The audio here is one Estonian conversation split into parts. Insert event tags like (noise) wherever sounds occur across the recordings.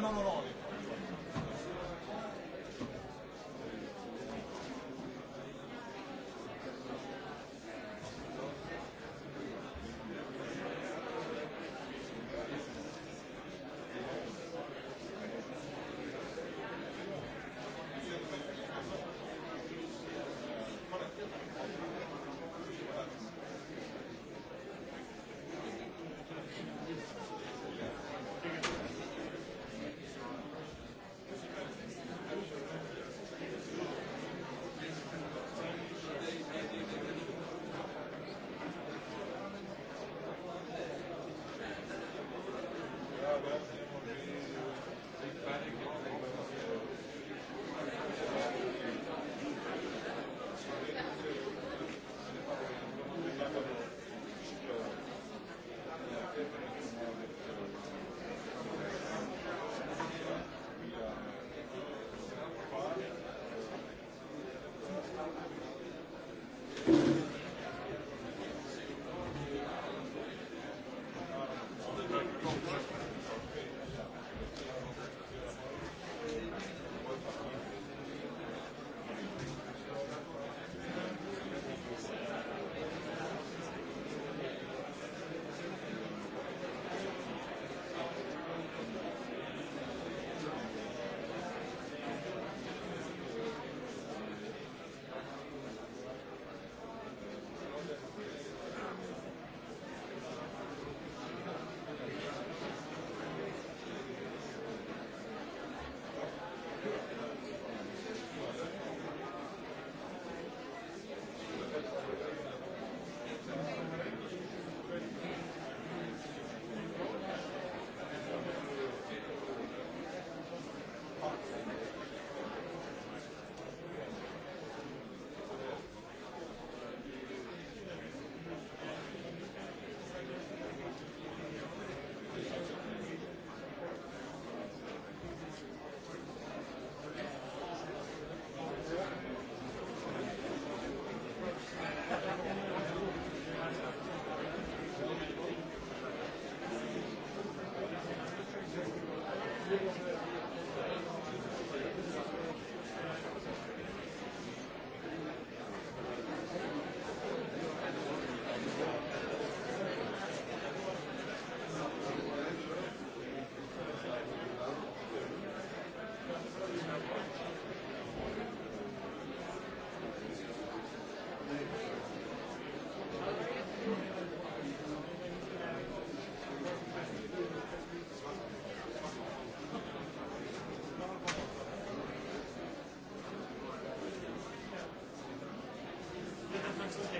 No, no, no, no.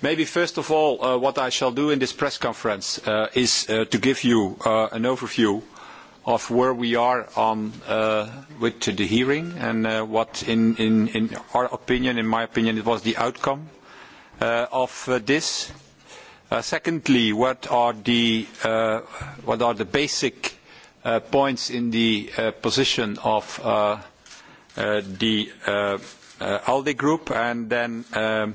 Maybe first of all, uh, what I shall do in this press conference uh, is uh, to give you uh, an overview of where we are on uh, with the hearing and uh, what, in, in, in our opinion, in my opinion, it was the outcome uh, of uh, this. Uh, secondly, what are the uh, what are the basic uh, points in the uh, position of uh, uh, the uh, uh, ALDE group, and then. Um,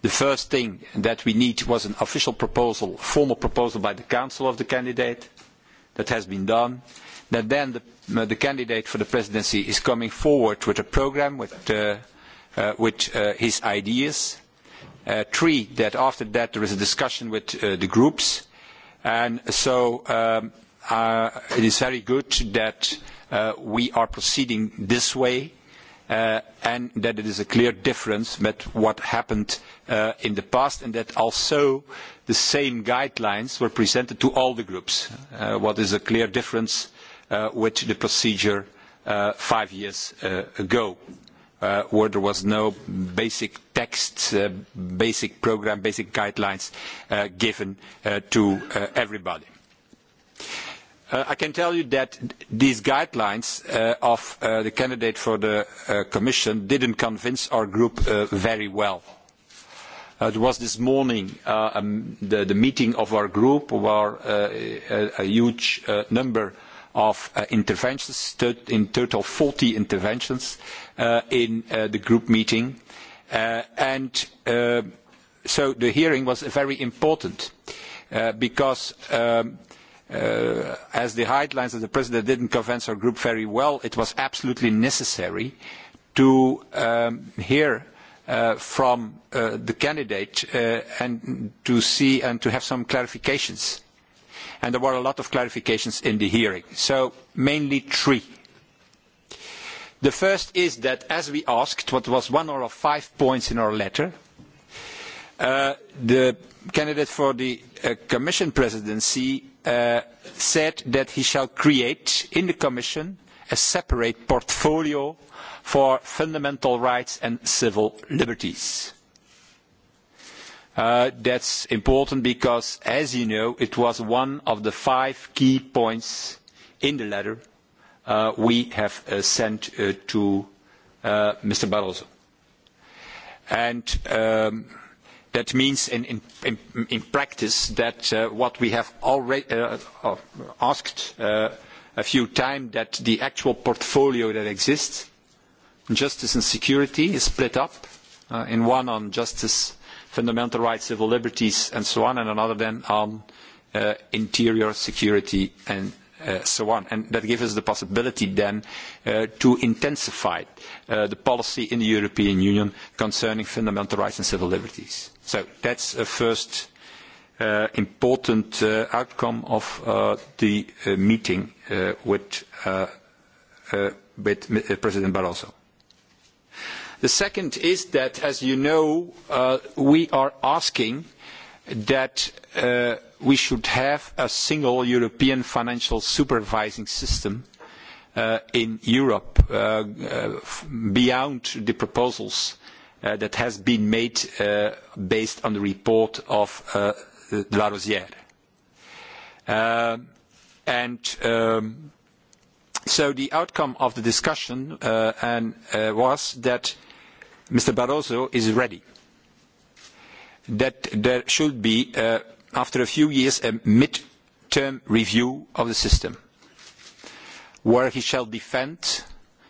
The first thing that we need was an official proposal, formal proposal by the Council of the candidate. That has been done. That then the, uh, the candidate for the presidency is coming forward with a program, with, uh, uh, with uh, his ideas. Uh, three, that after that there is a discussion with uh, the groups. And so um, uh, it is very good that uh, we are proceeding this way uh, and that it is a clear difference with what happened uh, in the past, and that also the same guidelines were presented to all the groups. Uh, what is a clear difference uh, with the procedure uh, five years uh, ago, uh, where there was no basic text, uh, basic program, basic guidelines uh, given uh, to uh, everybody. Uh, Uh, I can tell you that these guidelines uh, of uh, the candidate for the uh, Commission didn't convince our group uh, very well. Uh, it was this morning uh, um, the, the meeting of our group where uh, a, a huge uh, number of uh, interventions, in total 40 interventions uh, in uh, the group meeting. Uh, and uh, so the hearing was very important uh, because um, uh, uh, as the guidelines of the president didn't convince our group very well, it was absolutely necessary to um, hear uh, from uh, the candidate uh, and to see and to have some clarifications. And there were a lot of clarifications in the hearing. So mainly three. The first is that as we asked, what was one or five points in our letter, uh, the candidate for the uh, Commission presidency uh, said that he shall create in the Commission a separate portfolio for fundamental rights and civil liberties. Uh, that's important because, as you know, it was one of the five key points in the letter uh, we have uh, sent uh, to uh, Mr. Barroso. And um, That means in, in, in, in practice that uh, what we have already uh, uh asked uh, a few times, that the actual portfolio that exists, justice and security, is split up uh, in one on justice, fundamental rights, civil liberties, and so on, and another then on uh, interior security and uh, so on. And that gives us the possibility then uh, to intensify uh, the policy in the European Union concerning fundamental rights and civil liberties. So that's a first uh, important uh, outcome of uh, the uh, meeting uh, with, uh, uh, with uh, President Barroso. The second is that, as you know, uh, we are asking uh, that uh, we should have a single European financial supervising system uh, in Europe uh, uh, beyond the proposals uh, that has been made uh, based on the report of uh, de la Rosière. Uh, and um, so the outcome of the discussion uh, and, uh, was that Mr. Barroso is ready. Uh, that there should be, uh, after a few years, a mid-term review of the system, where he shall defend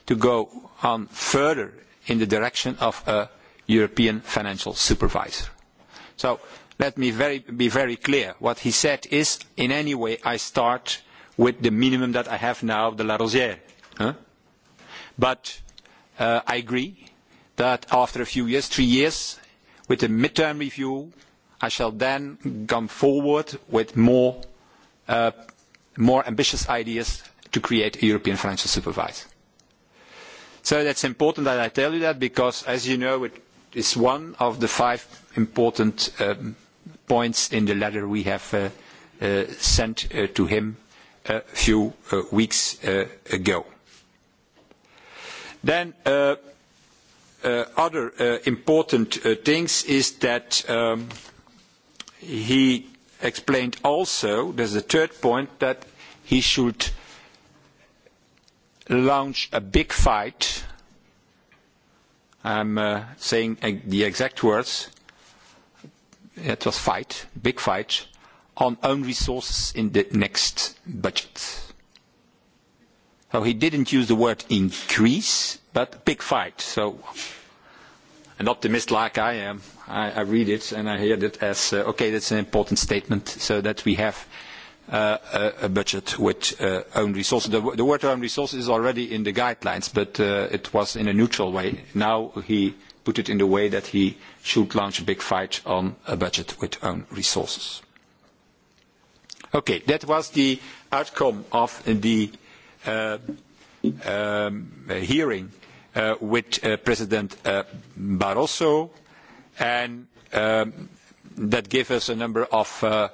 to go on further in the direction of a European financial supervisor. So let me very, be very clear. What he said is, in any way, I start with the minimum that I have now, the Larosière. Huh? But uh, I agree that after a few years, three years, with the midterm review, I shall then come forward with more, uh, more ambitious ideas to create a European financial supervisor. So that's important that I tell you that because, as you know, it is one of the five important um, points in the letter we have uh, uh, sent uh, to him a few uh, weeks uh, ago. Then uh, uh, other uh, important uh, things is that um, he explained also, there's a third point, that he should launch a big fight. I'm uh, saying uh, the exact words. It was fight, big fight, on own resources in the next budget So he didn't use the word increase, but big fight. So an optimist like I am, I, I read it and I hear it as, uh, okay, that's an important statement so that we have uh, a, a budget with uh, own resources. The, the word own resources is already in the guidelines, but uh, it was in a neutral way. Now he put it in the way that he should launch a big fight on a budget with own resources. Okay, that was the outcome of the uh, Uh, um, hearing uh, with uh, President Barroso, and um, that gave us a number of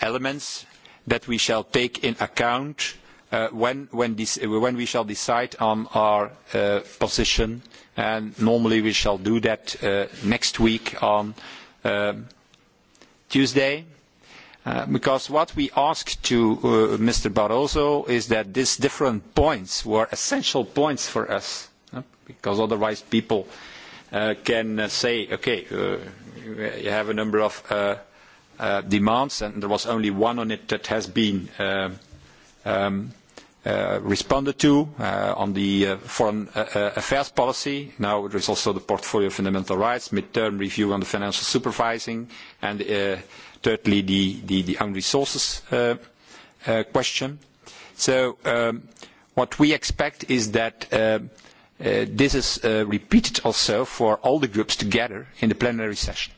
elements that we shall take in account Uh, when, when, this, when we shall decide on our uh, position, and normally we shall do that uh, next week on um, Tuesday. Uh, because what we ask to uh, Mr. Barroso is that these different points were essential points for us, uh, because otherwise people uh, can uh, say, okay, uh, you have a number of uh, uh, demands, and there was only one on it that has been uh, um, uh, responded to uh, on the uh, foreign uh, uh, affairs policy. Now there is also the portfolio of fundamental rights, midterm review on the financial supervising, and uh, Thirdly, the, the, the own resources uh, uh, question. So, um, what we expect is that uh, uh this is uh, repeated also for all the groups together in the plenary session,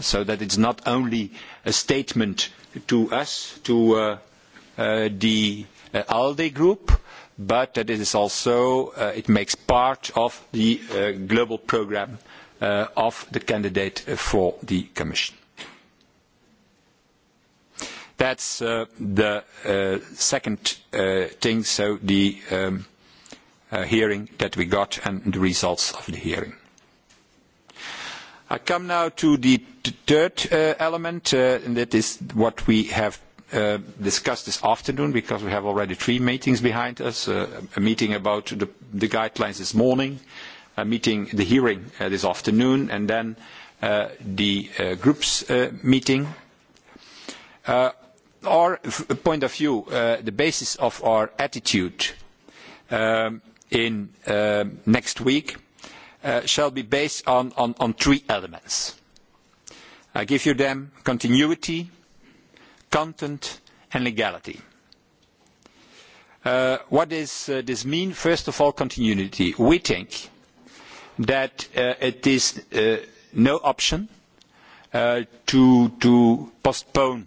so that it's not only a statement to us, to uh, the ALDE group, but that it is also, it makes part of the global program of the candidate for the commission. That's uh, the uh, second uh, thing, so the um, hearing that we got and the results of the hearing. I come now to the third element, and that is what we have Uh, discuss this afternoon because we have already three meetings behind us. Uh, a meeting about the, the guidelines this morning, a meeting, the hearing uh, this afternoon, and then the groups meeting our point of view, uh, the basis of our attitude um, in uh, next week uh, shall be based on, on, on three elements. I give you them continuity, content, and legality. Uh, what does uh, this mean? First of all, continuity. We think that uh, it is uh, no option uh, to, to postpone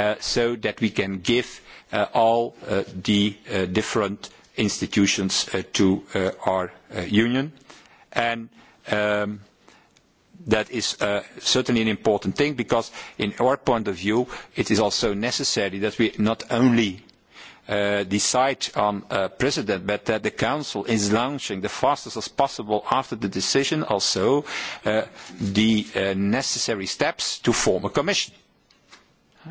uh, so that we can give uh, all uh, the uh, different institutions uh, to uh, our uh, union. And um, that is uh, certainly an important thing because in our point of view, it is also necessary that we not only Uh, decide on uh, precedent, but that uh, the Council is launching the fastest as possible after the decision also uh, the uh, necessary steps to form a Commission. Uh,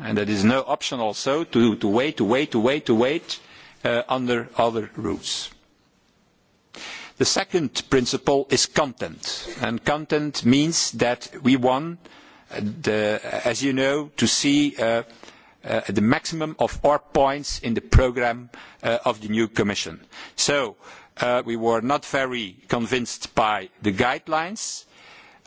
and that is no option also to, to wait, to wait, to wait, to wait uh, under other routes. The second principle is content, and content means that we want, uh, the, as you know, to see uh, uh, the maximum of our points in the program uh, of the new Commission. So uh, we were not very convinced by the guidelines,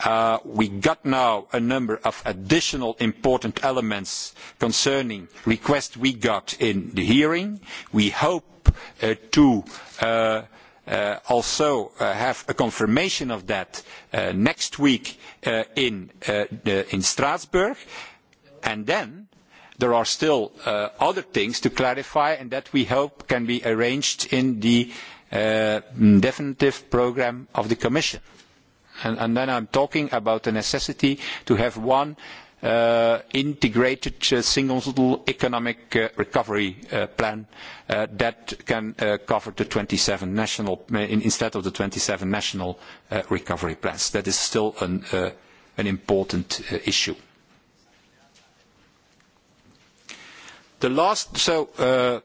Uh, we got now a number of additional important elements concerning requests we got in the hearing. We hope uh, to uh, uh, also uh, have a confirmation of that uh, next week uh, in, uh, the, in Strasbourg. And then there are still uh, other things to clarify and that we hope can be arranged in the uh, definitive program of the Commission. Uh, and, and then I'm talking about the necessity to have one uh, integrated uh, single economic uh, recovery uh, plan uh, that can uh, cover the 27 national, uh, in, instead of the 27 national uh, recovery plans. That is still an, uh, an important uh, issue. The last, so uh,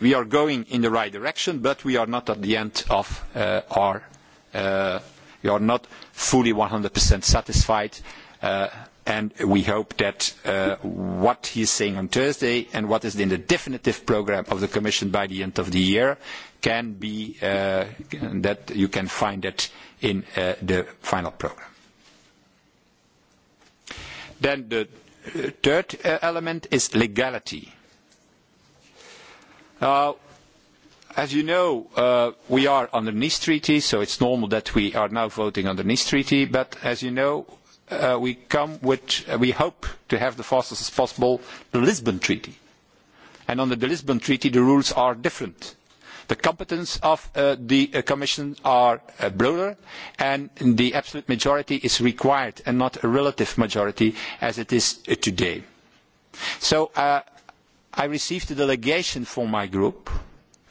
we are going in the right direction, but we are not at the end of uh, our uh, We are not fully 100% satisfied, uh, and we hope that uh, what he is saying on Thursday and what is in the definitive program of the Commission by the end of the year can be uh, that you can find it in uh, the final program. Then the uh, third uh, element is legality. Now, uh, As you know, uh, we are under Nice Treaty, so it's normal that we are now voting under Nice Treaty. But as you know, uh, we come with, uh, we hope to have the fastest as possible the Lisbon Treaty. And under the Lisbon Treaty, the rules are different. The competence of uh, the uh, Commission are uh, broader, and the absolute majority is required and not a relative majority as it is uh, today. So uh, I received a delegation from my group uh,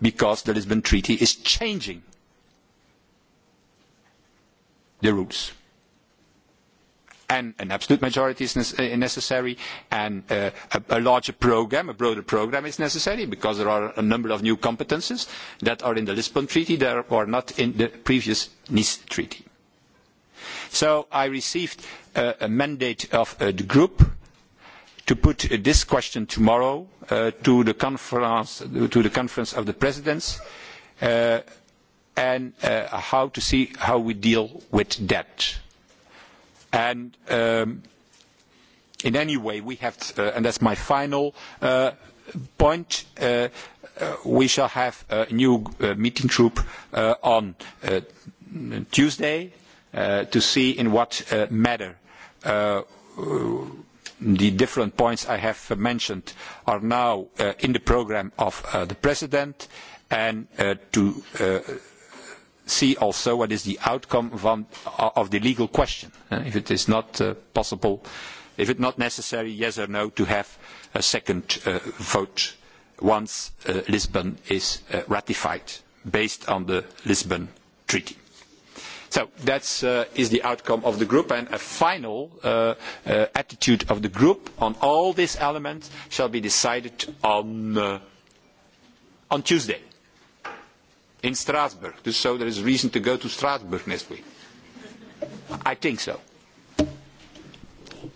because the Lisbon Treaty is changing the rules. And an absolute majority is uh, necessary, and uh, a, a larger program, a broader program is necessary, because there are a number of new competences that are in the Lisbon Treaty that are not in the previous Nice Treaty. So I received uh, a mandate of uh, the group to put this question tomorrow uh, to, the conference, to the conference of the presidents uh, and uh, how to see how we deal with debt. And um, in any way, we have, uh, and that's my final uh, point, uh, uh, we shall have a new uh, meeting group uh, on uh, Tuesday uh, to see in what uh, matter uh, the different points I have mentioned are now uh, in the program of uh, the President and uh, to uh, see also what is the outcome van, uh, of the legal question. Uh, if it is not uh, possible, if it's not necessary, yes or no, to have a second uh, vote once uh, Lisbon is uh, ratified based on the Lisbon Treaty. So that uh, is the outcome of the group, and a final uh, uh, attitude of the group on all these elements shall be decided on, uh, on Tuesday in Strasbourg. Just so there is reason to go to Strasbourg next week. I think so.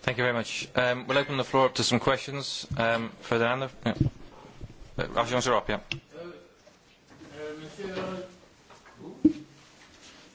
Thank you very much. Um, we'll open the floor up to some questions. Um, Ferdinando? Yeah. Uh, Arjun Zerop, yeah. Uh, uh, Monsieur, who?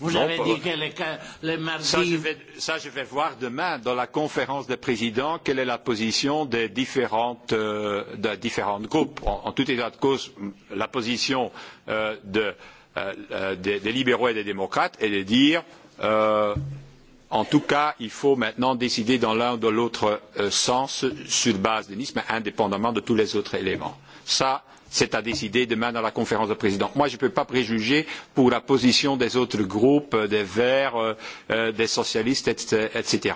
Vous non, avez dit que les, les mardis... Ça je, vais, ça, je vais voir demain dans la conférence des présidents quelle est la position des différentes, euh, des différentes groupes. En, en tout état de cause, la position euh, de, euh, euh, des, des libéraux et des démocrates est de dire euh, en tout cas, il faut maintenant décider dans l'un ou dans l'autre euh, sens sur base de Nice, mais indépendamment de tous les autres éléments. Ça, euh, c'est à décider demain dans la conférence de présidents. Moi, je ne peux pas préjuger pour la position des autres groupes, euh, des Verts, euh, euh des socialistes, etc.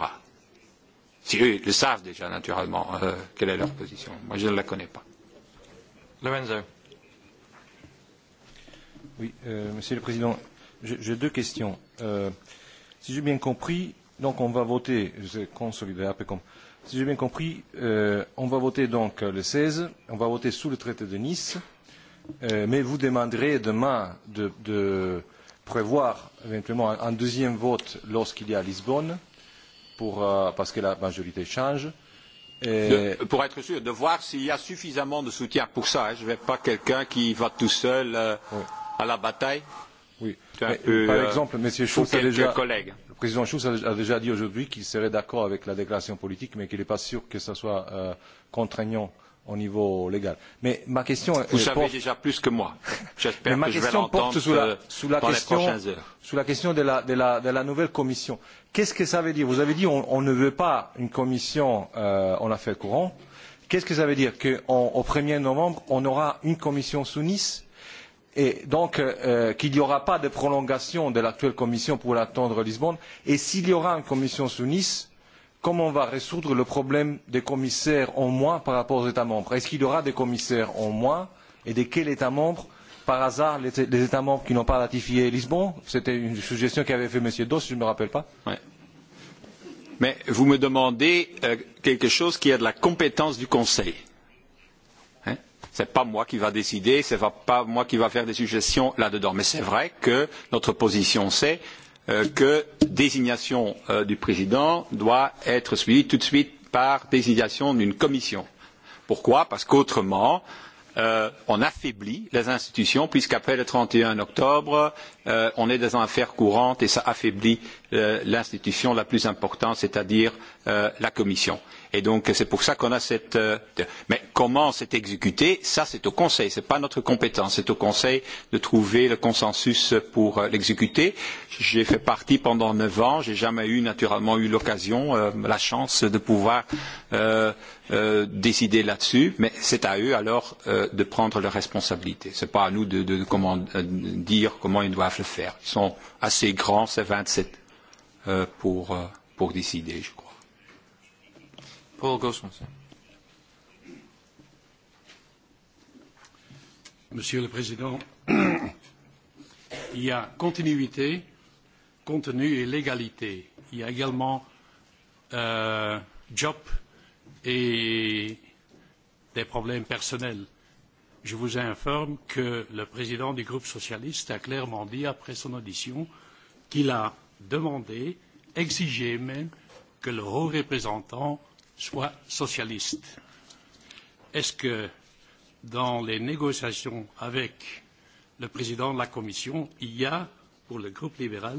Si eux le savent déjà, naturellement, euh, quelle est leur position. Moi, je ne la connais pas. Lorenzo. Oui, euh, Monsieur le Président, j'ai deux questions. Euh, si j'ai bien compris, donc on va voter, je consolider un peu comme euh, Si j'ai bien compris, euh, on va voter donc le 16, on va voter sous le traité de Nice, euh, mais vous demanderez demain de, de prévoir éventuellement un, un deuxième vote lorsqu'il y a Lisbonne, pour, euh, parce que la majorité change. Et... De, pour être sûr, de voir s'il y a suffisamment de soutien pour ça. Hein. Je ne vais pas quelqu'un qui va tout seul euh, oui. à la bataille. Oui. Mais, peu, par euh, exemple, M. Schulz a déjà. Collègues Le président Schulz a, a déjà dit aujourd'hui qu'il serait d'accord avec la déclaration politique, mais qu'il n'est pas sûr que ce soit euh, contraignant au niveau légal. Mais ma question Vous est, savez porte... déjà plus que moi. J'espère que je vais l'entendre sous la, sous la dans question, les prochaines heures. Sous la question de la, de la, de la nouvelle commission. Qu'est-ce que ça veut dire Vous avez dit on, on ne veut pas une commission euh, en affaires courantes. Qu'est-ce que ça veut dire Qu'au 1er novembre, on aura une commission sous Nice et donc euh, euh, qu'il n'y aura pas de prolongation de l'actuelle commission pour attendre Lisbonne et s'il y aura une commission sous Nice, comment on va résoudre le problème des commissaires en moins par rapport aux États membres Est-ce qu'il y aura des commissaires en moins et de quel État membre Par hasard, les, les États membres qui n'ont pas ratifié Lisbonne C'était une suggestion qu'avait fait M. Doss, je ne me rappelle pas. Ouais. Mais vous me demandez euh, quelque chose qui a de la compétence du Conseil. Euh, Ce n'est pas moi qui va décider, ce n'est pas moi qui va faire des suggestions là-dedans. Mais c'est vrai que notre position, c'est euh, que désignation euh, du président doit être suivie tout de suite par désignation d'une commission. Pourquoi Parce qu'autrement, euh, on affaiblit les institutions, puisqu'après le 31 octobre, euh, on est dans une affaire courante et ça affaiblit euh, l'institution la plus importante, c'est-à-dire euh, la Commission. Et donc c'est pour ça qu'on a cette. Euh, mais comment c'est exécuté Ça c'est au Conseil. C'est pas notre compétence. C'est au Conseil de trouver le consensus pour euh, l'exécuter. J'ai fait partie pendant neuf ans. J'ai jamais eu naturellement eu l'occasion, euh, la chance de pouvoir euh, euh, décider là-dessus. Mais c'est à eux alors euh, de prendre leurs responsabilités. C'est pas à nous de, de, de comment euh, dire comment ils doivent le faire. Ils sont assez grands, c'est 27 euh, pour euh, pour décider, je crois proua Kosmas. Monsieur le Président, il y a continuité, contenu et légalité. Il y a également euh, job et des problèmes personnels. Je vous informe que le président du groupe socialiste a clairement dit après son audition qu'il a demandé, exigé même, que le haut représentant euh, soit socialiste. Est-ce que dans les négociations avec le président de la Commission, il y a, pour le groupe libéral,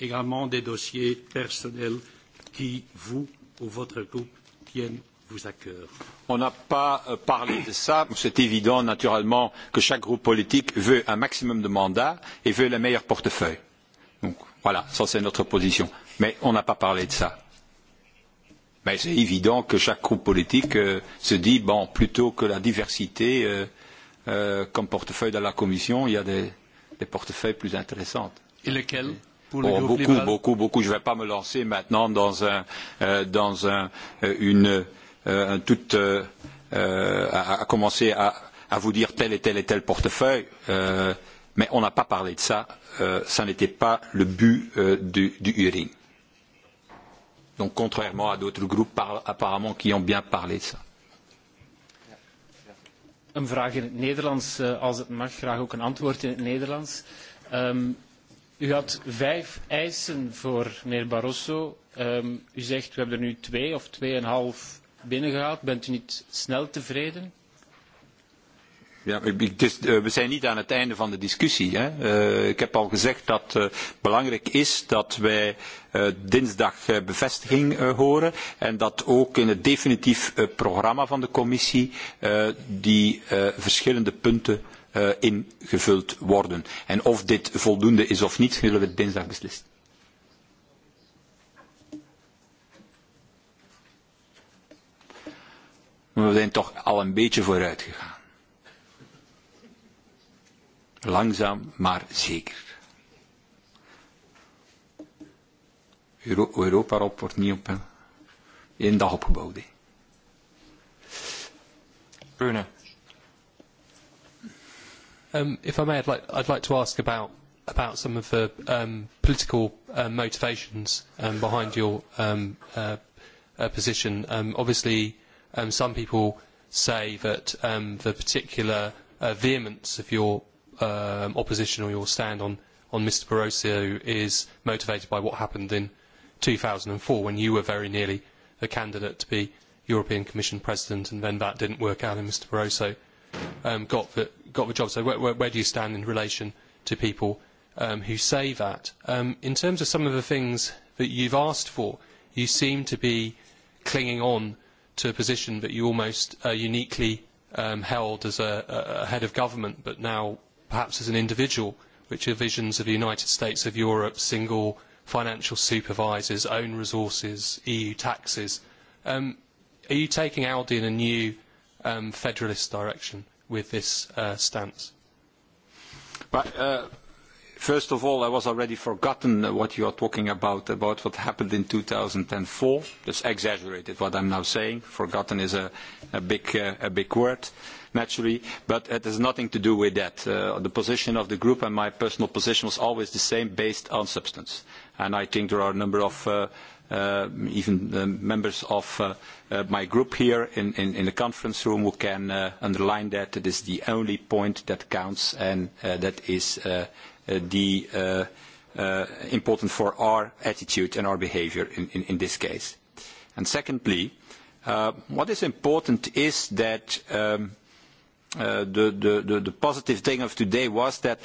également des dossiers personnels qui, vous ou votre groupe, tiennent vous à cœur On n'a pas euh, parlé de ça. C'est évident, naturellement, que chaque groupe politique veut un maximum de mandats et veut le meilleur portefeuille. Donc voilà, ça c'est notre position. Mais on n'a pas parlé de ça ben, c'est évident que chaque groupe politique euh, se dit bon, plutôt que la diversité euh, euh, comme portefeuille dans la Commission, il y a des, des portefeuilles plus intéressantes. Et lesquels pour le oh, beaucoup, libéral beaucoup, beaucoup. Je ne vais pas me lancer maintenant dans un, euh, dans un, euh, une, euh, un tout, euh, euh, à, à commencer à, à vous dire tel et tel et tel portefeuille. Euh, mais on n'a pas parlé de ça. Euh, ça n'était pas le but euh, du, du hearing. Euh, Donc contrairement à d'autres groupes par, apparemment qui ont bien parlé de ça. Een vraag in het Nederlands, eh, als het mag, graag ook een antwoord in het Nederlands. Um, u had vijf eisen voor meneer Barroso. Um, u zegt, we hebben er nu twee of tweeënhalf binnengehaald. Bent u niet snel tevreden? Ja, ik, dus, uh, eh, we zijn niet aan het einde van de discussie. Hè. Uh, ik heb al gezegd dat het uh, belangrijk is dat wij uh, dinsdag uh, bevestiging uh, horen en dat ook in het definitief uh, programma van de commissie uh, die uh, verschillende punten uh, ingevuld worden. En of dit voldoende is of niet, zullen we dinsdag beslissen. Maar we zijn toch al een beetje vooruit gegaan langzaam maar zeker. Euro Europa-Rob wordt niet op eh, één dag opgebouwd. He. Bruno. Um, if I may, I'd like, I'd like to ask about about some of the um, political uh, motivations um, behind your um, uh, uh, position. Um, obviously, um, some people say that um, the particular uh, vehemence of your um, opposition or your stand on, on Mr Barroso is motivated by what happened in 2004 when you were very nearly a candidate to be European Commission President and then that didn't work out and Mr Barroso um, got, the, got the job. So where, where, where do you stand in relation to people um, who say that? Um, in terms of some of the things that you've asked for, you seem to be clinging on to a position that you almost uh, uniquely um, held as a, a head of government but now perhaps as an individual, which are visions of the United States of Europe, single financial supervisors, own resources, EU taxes. Um, are you taking Aldi in a new um, federalist direction with this uh, stance? But, uh, First of all, I was already forgotten what you are talking about, about what happened in 2004. That's exaggerated what I'm now saying. Forgotten is a, a, big, uh, a big word, naturally, but it has nothing to do with that. Uh, the position of the group and my personal position was always the same based on substance. And I think there are a number of uh, uh, even the members of uh, uh, my group here in, in, in the conference room who can uh, underline that it is the only point that counts and uh, that is uh, uh, the uh, uh, important for our attitude and our behavior in, in, in this case. And secondly, uh, what is important is that um, uh, the, the, the, the positive thing of today was that uh,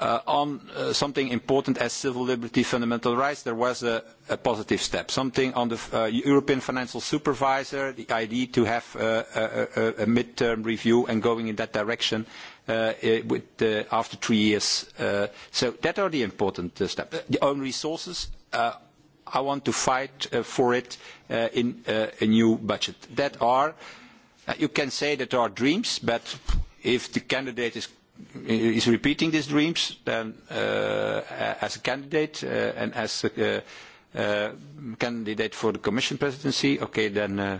uh, on uh, something important as civil liberty, fundamental rights, there was a, a positive step. Something on the uh, European Financial Supervisor, the idea to have uh, a, a, a midterm review and going in that direction uh, with, uh, after three years. Uh, so that are the important uh, steps. The own resources, uh, I want to fight uh, for it uh, in uh, a new budget. That are, uh, you can say that are dreams, but if the candidate is is repeating these dreams then uh, as a candidate uh, and as a uh, uh, candidate for the Commission presidency, okay, then uh,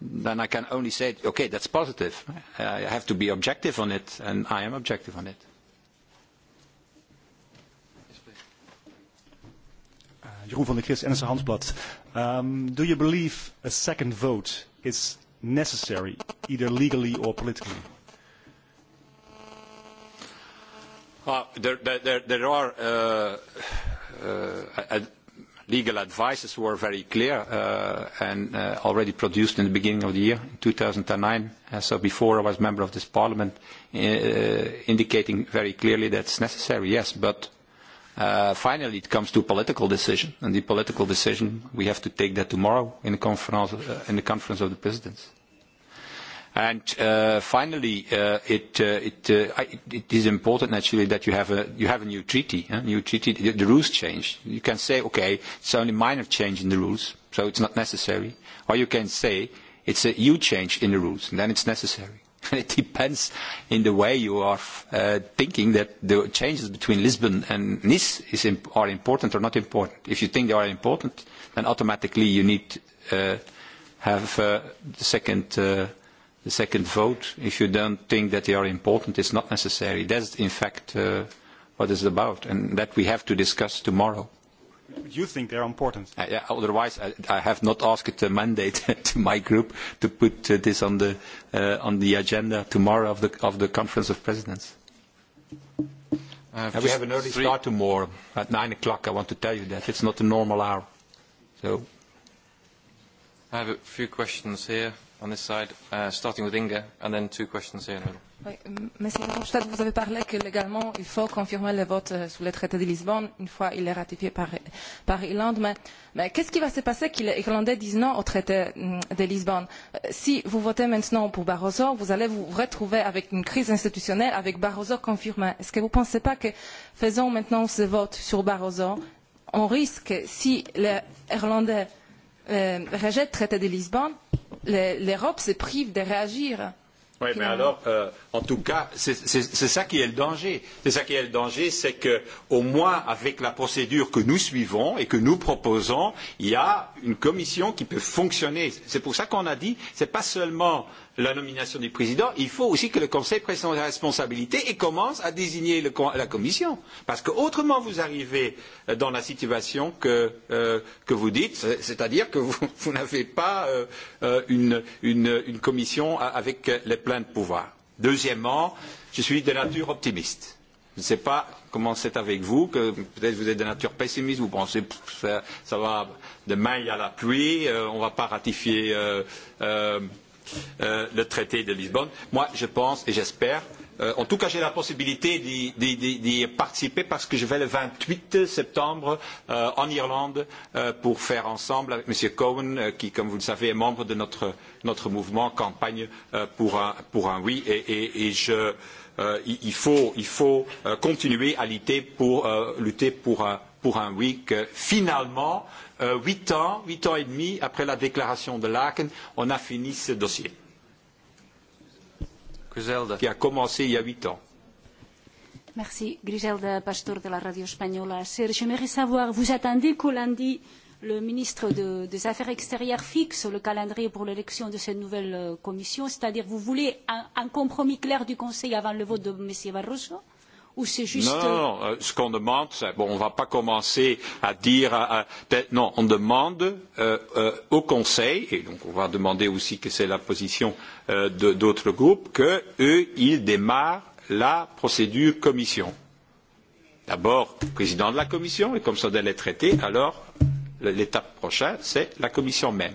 then I can only say, okay, that's positive. I have to be objective on it, and I am objective on it. Uh, Jeroen van der Kris, NSA Handelsblad. Um, do you believe a second vote is necessary, either legally or politically? Uh, there, there, there are uh, uh, ad legal advices were very clear uh, and uh, already produced in the beginning of the year, 2009. Uh, so before I was member of this parliament, uh, indicating very clearly that's necessary, yes, but uh, finally it comes to political decision, and the political decision, we have to take that tomorrow in the conference, uh, in the conference of the presidents. And uh, finally, uh, it, uh, it, uh, I, it is important naturally that you have a, you have a new treaty. Huh? New treaty, the, the rules change. You can say, okay, it's only minor change in the rules, so it's not necessary. Or you can say, it's a huge change in the rules, and then it's necessary. (laughs) it depends in the way you are uh, thinking that the changes between Lisbon and Nice is imp- are important or not important. If you think they are important, then automatically you need uh, have uh, the second uh, the second vote, if you don't think that they are important, is not necessary. That's in fact uh, what it's about, and that we have to discuss tomorrow. You think they're important? Uh, yeah, otherwise, I, I have not asked a mandate (laughs) to my group to put uh, this on the uh, on the agenda tomorrow of the of the conference of presidents. Uh, we have an early three... start tomorrow at nine o'clock. I want to tell you that it's not a normal hour. So, I have a few questions here on this side, uh, starting with Inga, and then two questions here in the middle. Oui, Monsieur Verhofstadt, vous avez parlé que légalement, il faut confirmer le vote euh, sur le traité de Lisbonne une fois il est ratifié par, par Irlande. Mais, mais qu'est-ce qui va se passer que les Irlandais disent non au traité mm, de Lisbonne euh, Si vous votez maintenant pour Barroso, vous allez vous retrouver avec une crise institutionnelle, avec Barroso confirmé. Est-ce que vous ne pensez pas que faisons maintenant ce vote sur Barroso, on risque, si les Irlandais euh, rejettent le traité de Lisbonne, l'Europe se prive de réagir. Oui, mais alors, euh, en tout cas, c'est ça qui est le danger. C'est ça qui est le danger, c'est que, au moins, avec la procédure que nous suivons et que nous proposons, il y a une commission qui peut fonctionner. C'est pour ça qu'on a dit, c'est pas seulement la nomination du président, il faut aussi que le Conseil prenne ses responsabilités et commence à désigner le, la Commission. Parce que autrement vous arrivez euh, dans la situation que, euh, que vous dites, c'est-à-dire que vous, (laughs) vous n'avez pas euh, euh, une, une, une Commission avec les pleins de pouvoir. Deuxièmement, je suis de nature optimiste. Je ne sais pas comment c'est avec vous, que peut-être vous êtes de nature pessimiste, vous pensez pff, ça, ça va demain il y a la pluie, euh, on ne va pas ratifier euh, euh, euh, le traité de Lisbonne. Moi, je pense et j'espère. Euh, en tout cas, j'ai la possibilité d'y participer parce que je vais le 28 septembre euh, en Irlande euh, pour faire ensemble avec M. Cohen, euh, qui, comme vous le savez, est membre de notre, notre mouvement campagne euh, pour, un, pour un oui. Et, et, et je, euh, euh, il, il faut, il faut euh, continuer à lutter pour, euh, lutter pour un, pour un oui euh, que finalement, euh, huit ans, huit ans et demi après la déclaration de Laken, on a fini ce dossier. Griselda. Qui a commencé il y a huit ans. Merci. Griselda Pastor de la Radio Espagnole. J'aimerais savoir, vous attendez que lundi, le ministre de, des Affaires extérieures fixe le calendrier pour l'élection de cette nouvelle euh, commission C'est-à-dire, vous voulez un, un compromis clair du Conseil avant le vote de M. Barroso euh, ou c'est juste... Non, non, non. Euh, euh, ce qu'on demande, c'est... Bon, on ne va pas commencer à dire... À, à, non, on demande euh, euh, au Conseil, et donc on va demander aussi que c'est la position euh, d'autres groupes, qu'eux, ils démarrent la procédure Commission. D'abord, président de la Commission, et comme ça, elle est traitée, alors l'étape prochaine, c'est la Commission même.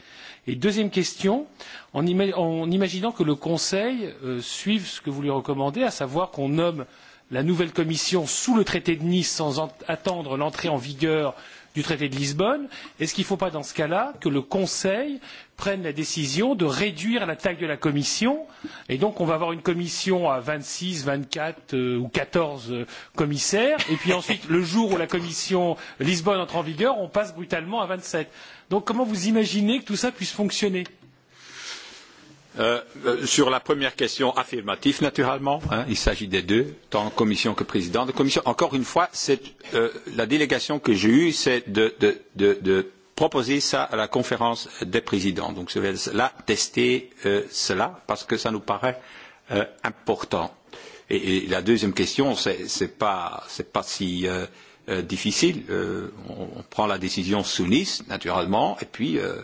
Et deuxième question, en, ima en imaginant que le Conseil euh, suive ce que vous lui recommandez, à savoir qu'on nomme la nouvelle Commission sous le traité de Nice sans attendre l'entrée en vigueur euh, du traité de Lisbonne, est-ce qu'il ne faut pas dans ce cas-là que le Conseil prenne la décision de réduire la taille de la Commission et donc on va avoir une Commission à 26, 24 euh, ou 14 euh, commissaires et puis ensuite le jour où la Commission Lisbonne entre en vigueur, on passe brutalement à 27. Donc comment vous imaginez que tout ça puisse fonctionner Euh, sur la première question, affirmatif naturellement. Hein, il s'agit des deux, tant commission que président de commission. Encore une fois, c'est, euh, la délégation que j'ai eue, c'est de, de, de, de proposer ça à la conférence des présidents. Donc je vais là tester euh, cela parce que ça nous paraît euh, important. Et, et la deuxième question, c'est, c'est pas, c'est pas si euh, euh, difficile. Euh, on, on prend la décision sous Nice, naturellement, et puis. Euh,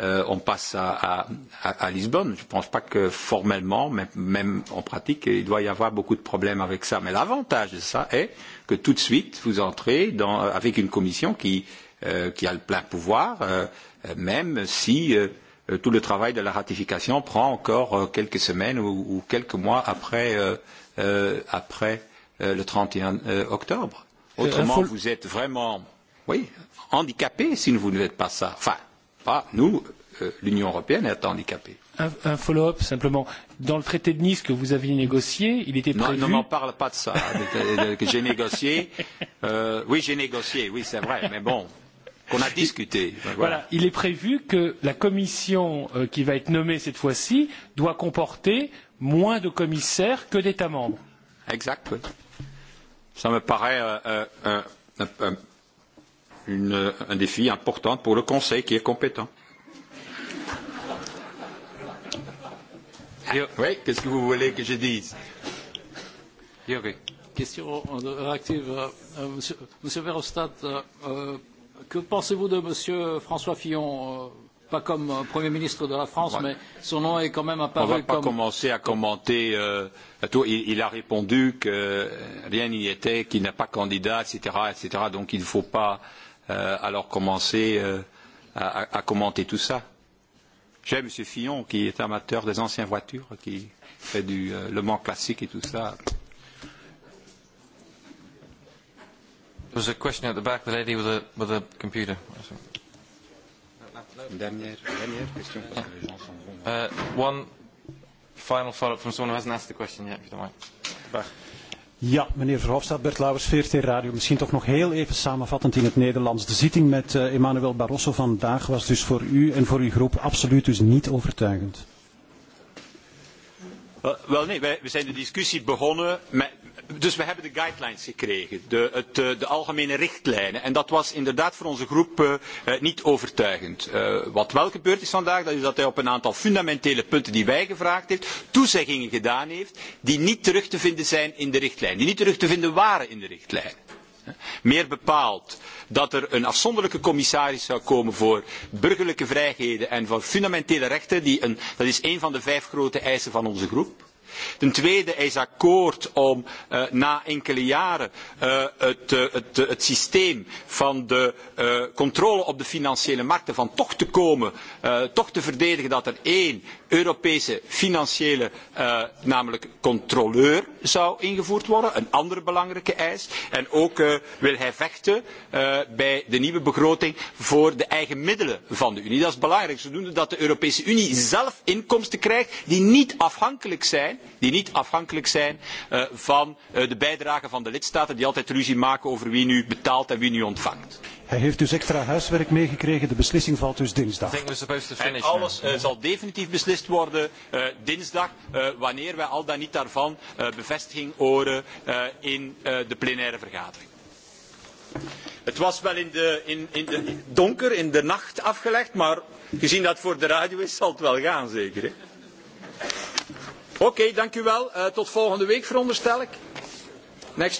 euh, on passe à, à, à Lisbonne. Je ne pense pas que formellement, mais même en pratique, il doit y avoir beaucoup de problèmes avec ça. Mais l'avantage de ça est que tout de suite, vous entrez dans, avec une commission qui, euh, qui a le plein pouvoir, euh, même si euh, tout le travail de la ratification prend encore euh, quelques semaines ou, ou quelques mois après, euh, euh, après euh, le 31 euh, octobre. Euh, Autrement, euh, faut... vous êtes vraiment oui, handicapé si vous ne faites pas ça. Enfin, pas, nous, euh, l'Union européenne, être handicapée. Un, un follow-up simplement. Dans le traité de Nice que vous aviez négocié, il était prévu. Non, ne m'en parle pas de ça. j'ai négocié. (laughs) Euh, oui, j'ai négocié. Oui, c'est vrai. Mais bon, qu'on a discuté. Voilà. voilà, il est prévu que la commission euh, qui va être nommée cette fois-ci doit comporter moins de commissaires que d'États membres. Exact. Oui. Ça me paraît euh, euh, un, un, un une, un défi important pour le Conseil qui est compétent. Oui, qu'est-ce que vous voulez que je dise Yuri. Question euh, réactive. Euh, euh, monsieur, monsieur Verhofstadt, euh, euh, que pensez-vous de Monsieur François Fillon euh, Pas comme Premier ministre de la France, voilà. mais son nom est quand même apparu comme... On ne va pas comme... commencer à commenter. Euh, à tout. Il, il a répondu que rien n'y était, qu'il n'a pas candidat, etc., etc. Donc il ne faut pas... Euh, euh, alors commencer euh, à, à commenter tout ça. J'ai M. Fillon qui est amateur des anciennes voitures, qui fait du euh, Le Mans classique et tout ça. There was a question at the back, the lady with a, with a computer. Dernière, dernière question, parce que les gens sont bons. Uh, one final follow-up from someone who hasn't asked the question yet, if you don't mind. Back. Ja, meneer Verhofstadt, Bert Lauwers, VRT Radio. Misschien toch nog heel even samenvattend in het Nederlands. De zitting met uh, Emmanuel Barroso vandaag was dus voor u en voor uw groep absoluut dus niet overtuigend. Wel, eh, wel nee, wij, we zijn de discussie begonnen met, Dus we hebben de guidelines gekregen, de, het, eh, de algemene richtlijnen. En dat was inderdaad voor onze groep uh, niet overtuigend. Uh, wat wel gebeurd is vandaag, dat is dat hij op een aantal fundamentele punten die wij gevraagd heeft, toezeggingen gedaan heeft die niet terug te vinden zijn in de richtlijn, die niet terug te vinden waren in de richtlijn. Meer bepaald dat er een afzonderlijke commissaris zou komen voor burgerlijke vrijheden en voor fundamentele rechten, die een, dat is een van de vijf grote eisen van onze groep. Ten tweede is akkoord om uh, na enkele jaren uh, het, uh, het, uh, het systeem van de uh, controle op de financiële markten van toch te komen, uh, toch te verdedigen dat er één Europese financiële, uh, namelijk controleur, zou ingevoerd worden. Een andere belangrijke eis. En ook uh, wil hij vechten uh, bij de nieuwe begroting voor de eigen middelen van de Unie. Dat is belangrijk, zodoende dat de Europese Unie zelf inkomsten krijgt die niet afhankelijk zijn die niet afhankelijk zijn uh, van uh, de bijdrage van de lidstaten die altijd ruzie maken over wie nu betaalt en wie nu ontvangt. Hij heeft dus extra huiswerk meegekregen. De beslissing valt dus dinsdag. En alles uh, zal definitief beslist worden uh, dinsdag, uh, wanneer wij al dan niet daarvan uh, bevestiging horen uh, in uh, de plenaire vergadering. Het was wel in de, in, in de donker, in de nacht afgelegd, maar gezien dat het voor de radio is, zal het wel gaan zeker. Hè? Oké, okay, dank u wel. Uh, tot volgende week veronderstel ik. Next